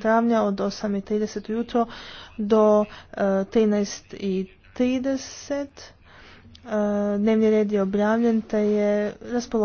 travnja od 8.30 ujutro do 13.30. E, e, dnevni red je objavljen te je raspoložen